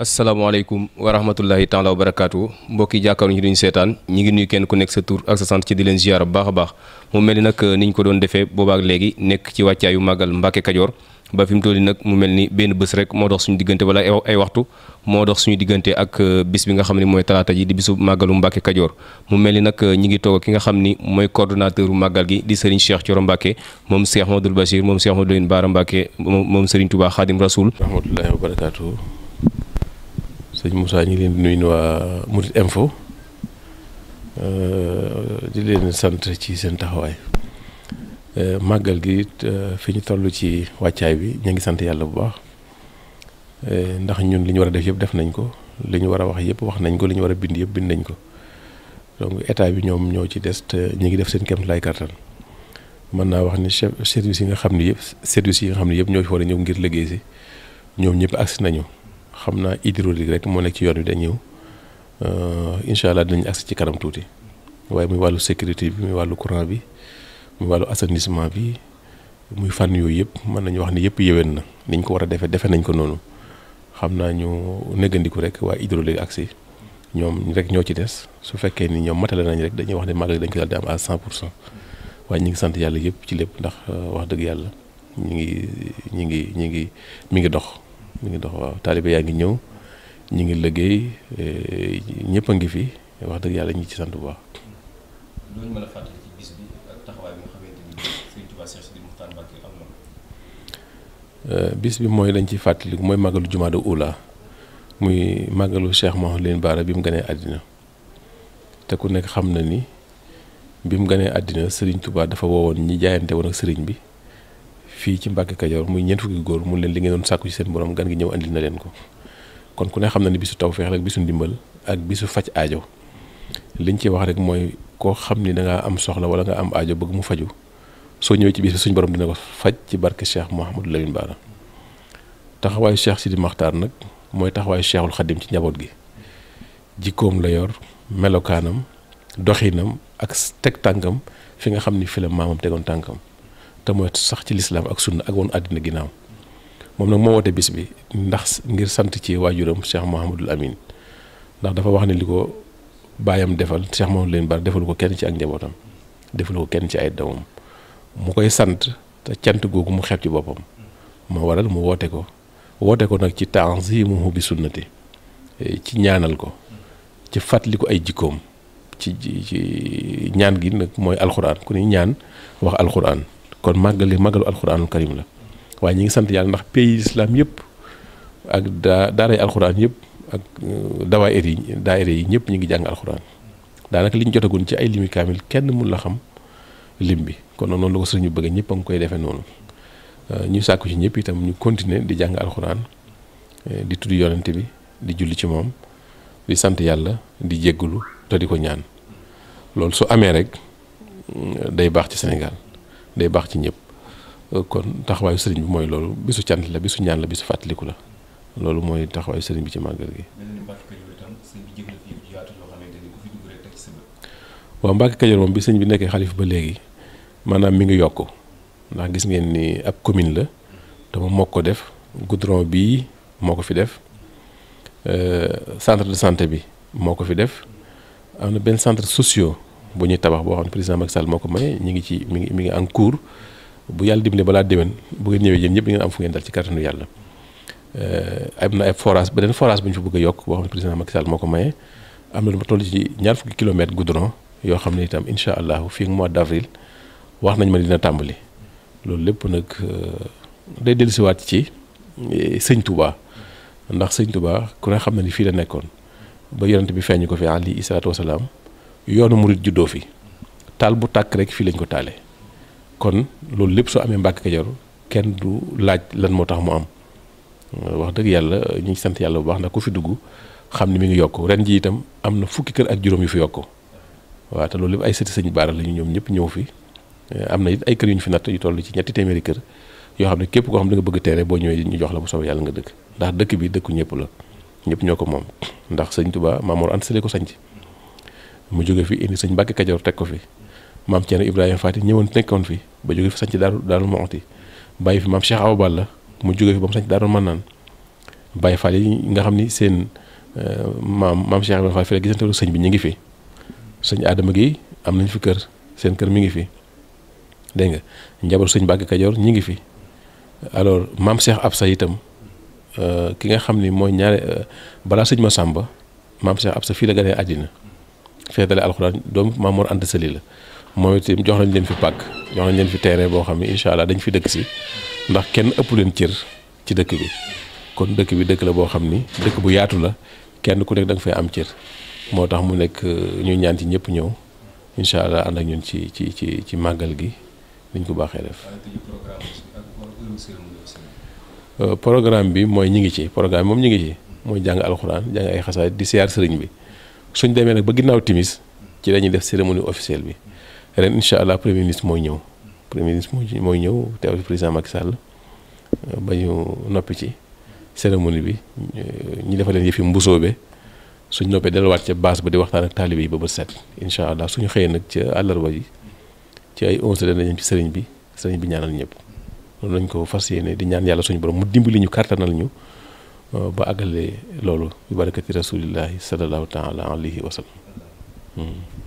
Assalamualaikum warahmatullahi taala wabarakatuh. Boki mbokki jàkkaaruñu setan, duñu sétane ñi ngi nuy kenn ku nekk sa tur ak sa sante ci di len ziar bu baax baax mu melni nak euh, niñ ko doon defee boobaak légui nekk ci yu magal mbacké kadior ba fim mu nak mu melni benn bëss rek mo dox suñu digënté wala ay waxtu mo dox suñu digënté ak euh, bis bi nga xamni moy talata ji di bisu magalu mbacké kadior mu melni nak euh, ñi ngi togo ki nga xamni moy coordinateur magal gi di Serigne Cheikh Thioro mbacké mom Cheikh Modou bashir mom Cheikh Modou baram mbacké mom Serigne Touba Khadim Rasoul rahmatullahi wa sëñ Moussa ñu ngi leen di nuyu waa Murit Info euh, di leen sant ci seen taxawaay euh, màggal gi euh, fi ñu toll ci wàccaay bi ñu ngi sant yàlla bu baax ndax ñun li ñu war a def yëpp def nañ ko li ñu war a wax yëpp wax nañ ko li ñu war a bind yëpp bind nañ ko donc état bi ñoom ñoo ci des te ñu ngi def seen kéem lay kattan mën naa wax ni chef service yi nga xam ne yëpp service yi nga xam ne yëpp ñoo fi war a ñëw ngir liggéey si ñoom ñëpp agsi nañu. xam naa hydraulique rek moo nekk ci yoon bi dañu ñëw euh, incha allah dinañ agsi ci kanam tuuti waaye muy wàllu sécurité bi muy wàllu courant bi muy wàllu assainissement bi muy fànn yooyu yëpp mën nañu wax ni yëpp yéwén na niñ ko war a defee defe nañ ko noonu xam naa ñu négandiku rek waa hydraulique agsi ñoom rek ñoo ci des su fekkee ni ñoom matale nañ rek dañuy wax ne màggal dañ ko daal di am à 100 pour cent waaye ñu ngi sant yàlla yëpp ci lépp ndax euh, wax dëgg yàlla ñu ngi ñu ngi ñu ngi mi ngi dox. mi ngi dox waaw taalibe yaa ngi ñëw ñu ngi liggéey e, ñëpp a ngi fi wax dëgg yàlla ñu ci sant bu ci bis bi e, bis bi mooy lañ ci fàttali mooy màggalu jumaada ula muy màggalu Cheikh Mouhamadou Lamine Bara bi mu ganee àddina te ku nekk xam na ni bi mu ganee àddina Sëriñ tubaa dafa wowoon ñi jaayante woon ak sëriñ bi. fii ci Mbàkke Kajoor muy ñeent fukki góor mu leen li ngeen doon sàkku ci seen borom gan gi ñëw andil na leen ko kon ku ne xam na ne bisu taw feex rek bisu ndimbal ak bisu faj aajo liñ ci wax rek mooy koo xam ni da ngaa am soxla wala nga am aajo bëgg mu faju soo ñëwee ci bis bi suñu borom dina ko faj ci barke Cheikh Mouhamadou Lamine Bara taxawaayu Cheikh Sidi Maxtaar nag mooy taxawaayu Cheikhul Xadim ci njaboot gi jikkoom la yor melokaanam doxiinam ak teg tànkam fi nga xam ni fi la maamam tànkam te mooy sax ci lislaam ak sunna ak woon àddina ginnaaw moom nag moo woote bis bi ndax ngir sant ci waajuram Cheikh Mouhamadul Amin ndax dafa wax ne li ko baayam defal Cheikh Mouhamadul leen bar defalu ko kenn ci ak njabootam defalu ko kenn ci ay doomam mu koy sant te cant googu mu xeeb ci boppam ma waral mu woote ko woote ko nag ci tanzimuhu bi sunnati ci ñaanal ko ci fàttali ko ay jikkoom ci ci ñaan gi nag mooy alxuraan ku ni ñaan wax alxuraan kon magale magalu alquran karim la way ñi ngi sant yalla ndax pays islam yépp ak daara daaray alxuraan yëpp ak euh, dawaayir yi daayira yi ñépp ñi ngi jàng alquran daanaka li jotagun ci ay limi kamil kenn mu la xam lim bi kon non la ko sëriñ bëgg ñëpp ang koy défé non euh, ñu sakku ci ñëpp itam ñu continuer di jàng alquran euh, di tuddu yonent bi di julli ci mom di sant yalla di jéggulu to di ko ñaan loolu su amé rek day bax ci Sénégal day bax ci ñëpp euh, kon taxawaayu sëriñ bi mooy loolu bisu cant la bisu ñaan la bisu fàttaliku la loolu mooy taxawaayu sëriñ bi ci màggal gi. waaw Mbàkke Kajoor moom bi sëñ bi nekkee xalif ba léegi maanaam mi ngi yokk ndax gis ngeen ni ab commune la dama def goudron bi moo ko fi def euh, centre de santé bi moo ko fi def am na benn centre sociaux. bu ñuy tabax boo xam ne président Macky Sall moo ko may ñu ngi ci mi ngi mi ngi en cours bu yàlla dimbalee balaa déwén bu ngeen ñëwee yéen ñëpp ngeen am fu ngeen dal ci kàttanu yàlla euh, am na ay forage beneen forage bu ñu fa bëgg yokk boo xam ne président ko maye am na lu ma toll ci ñaar fukki yoo xam ne itam incha allah fii mois d' avril wax nañ ma dina tàmbali loolu lépp nag euh, day dellusiwaat ci euh, sëñ Touba ndax sëñ Touba ku ne xam na ni fii la nekkoon ba yonent bi feeñ ko fi alayhi salaatu wasalaam yoonu murit juddoo fi taal bu tàkk rek fii lañ ko taalee kon loolu lépp soo amee Mbàkke Kajoor kenn du laaj lan moo tax mu am euh, wax dëgg yàlla ñu ngi sant yàlla bu baax ndax ku fi dugg xam ni mi ngi yokk ren ji itam am na fukki kër ak juróom yu fi yokk waaw te loolu lépp ay sëti sëñ baara la ñu ñoom ñëpp ñëw fi euh, am na it ay kër yu ñu fi natt yu toll ci ñetti téeméeri kër yoo xam ne képp koo xam ne da nga bëgg teere boo ñëwee ñu jox la bu soobee yàlla nga dëkk ndax dëkk bi dëkku ñëpp la ñëpp ñoo ko moom ndax sëñ Tuubaa Maamoor Anta Sali ko sanc mu joge fi indi sëñ Mbàkke kadior tek ko fi mam Ceerno ibrahim fati ñewon nekkoon fi ba joge fi sañc daru daru mooti bay fi mam Cheikh Awa Balla mu joge fi bam mu daru manan bay bàyyi faal nga xamni ni seen eh, mam maam Cheikh Ibrahima Faati fi la gisanteelu sëñ bi ñu ngi fi sëñ adam gi am nañ fi kër seen kër mi ngi fi de nga njabar sëñ Mbàkke kadior ñi ngi fi alors mam Cheikh Absa itam eh, ki nga xamni moy mooy bala eh, balaa sëñ Masamba mam Cheikh Absa fi la gane adina feetale alxuraan doomu Maam Mor Anta la moom itam jox nañ leen fi pàkk jox nañ leen fi terrain boo xam ne incha allah dañ fi dëkk si ndax kenn ëpp leen cër ci dëkk bi kon dëkk bi dëkk la boo xam ni dëkk bu yaatu la kenn ku nekk danga fay am cër moo tax mu nekk euh, ñu ñaan ci ñëpp ñëw incha allah ànd ak ñun ci ci ci ci màggal gi dañ ko baaxee def. Euh, programme bi mooy ñi ngi ci programme moom ñi ngi ci mooy jàng alxuraan jàng ay xasaay di siyaar sëriñ bi. suñ demee nag ba ginnaaw timis ci la ñuy def cérémonie officielle bi ren incha allah premier ministre mooy ñëw premier ministre mooy ñëw teew président Macky Sall euh, ba ñu noppi ci cérémonie bi euh, ñu defal leen yëfi mbusoo be suñ noppee delluwaat ca base ba di waxtaan ak taalibe yi ba ba set incha allah suñu xëyee nag ca àllarba yi ci ay onze dana ñëw ci sëriñ bi sëriñ bi ñaanal ñëpp loolu lañ ko fas yéene di ñaan yàlla suñu borom mu dimbali ñu kàttanal ñu. ba àggale loolu bi barakati rasulillahi sallallahu taala alayhi wa sallam hmm.